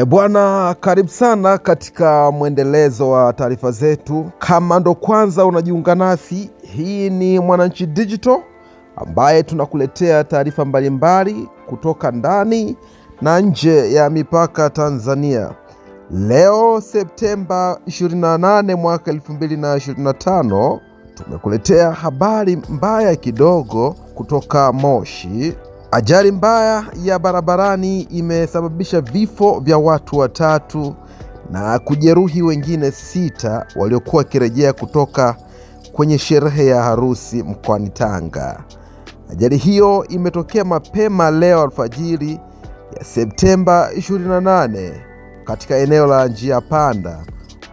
E, bwana, karibu sana katika mwendelezo wa taarifa zetu. Kama ndo kwanza unajiunga nasi, hii ni Mwananchi Digital ambaye tunakuletea taarifa mbalimbali kutoka ndani na nje ya mipaka Tanzania. Leo Septemba 28 mwaka 2025, tumekuletea habari mbaya kidogo kutoka Moshi Ajali mbaya ya barabarani imesababisha vifo vya watu watatu na kujeruhi wengine sita waliokuwa wakirejea kutoka kwenye sherehe ya harusi mkoani Tanga. Ajali hiyo imetokea mapema leo alfajiri ya Septemba 28 katika eneo la njia panda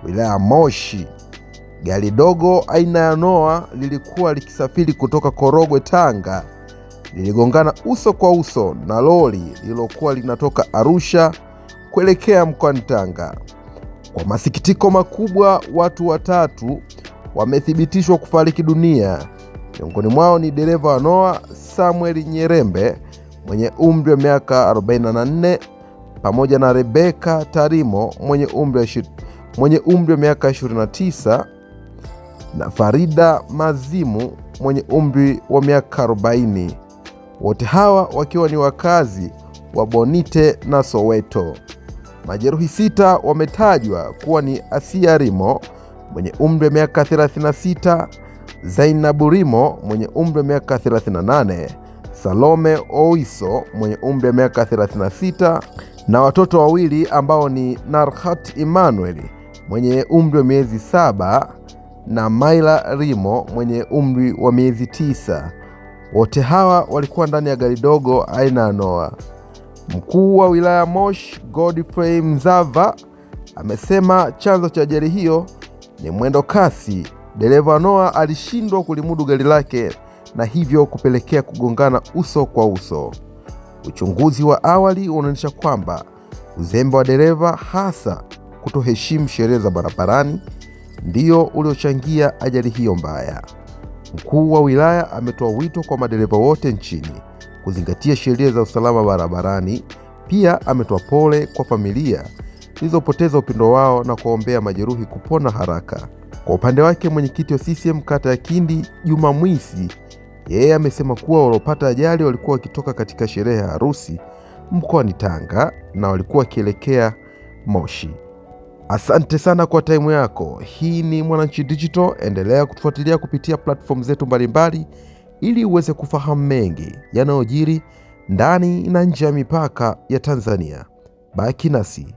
wilaya ya Moshi. Gari dogo aina ya Noah lilikuwa likisafiri kutoka Korogwe, Tanga liligongana uso kwa uso na lori lililokuwa linatoka Arusha kuelekea mkoani Tanga. Kwa masikitiko makubwa, watu watatu wamethibitishwa kufariki dunia. Miongoni mwao ni dereva wa Noah Samuel Nyerembe mwenye umri wa miaka 44 pamoja na Rebeka Tarimo mwenye umri mwenye umri wa miaka 29 na Farida Mazimu mwenye umri wa miaka 40 wote hawa wakiwa ni wakazi wa Bonite na Soweto. Majeruhi sita wametajwa kuwa ni Asia Rimo mwenye umri wa miaka 36, Zainabu Rimo mwenye umri wa miaka 38, Salome Oiso mwenye umri wa miaka 36 na watoto wawili ambao ni Narhat Emmanuel mwenye umri wa miezi saba na Maila Rimo mwenye umri wa miezi tisa. Wote hawa walikuwa ndani ya gari dogo aina ya Noah. Mkuu wa wilaya Moshi Godfrey Mzava amesema chanzo cha ajali hiyo ni mwendo kasi. Dereva Noah alishindwa kulimudu gari lake na hivyo kupelekea kugongana uso kwa uso. Uchunguzi wa awali unaonyesha kwamba uzembe wa dereva, hasa kutoheshimu sheria za barabarani, ndio uliochangia ajali hiyo mbaya. Mkuu wa wilaya ametoa wito kwa madereva wote nchini kuzingatia sheria za usalama barabarani. Pia ametoa pole kwa familia zilizopoteza upendo wao na kuwaombea majeruhi kupona haraka. Kwa upande wake, mwenyekiti wa CCM kata ya Kindi, Juma Mwisi, yeye amesema kuwa waliopata ajali walikuwa wakitoka katika sherehe ya harusi mkoani Tanga na walikuwa wakielekea Moshi. Asante sana kwa taimu yako. Hii ni Mwananchi Digital, endelea kutufuatilia kupitia platform zetu mbalimbali ili uweze kufahamu mengi yanayojiri ndani na nje ya mipaka ya Tanzania. Baki nasi.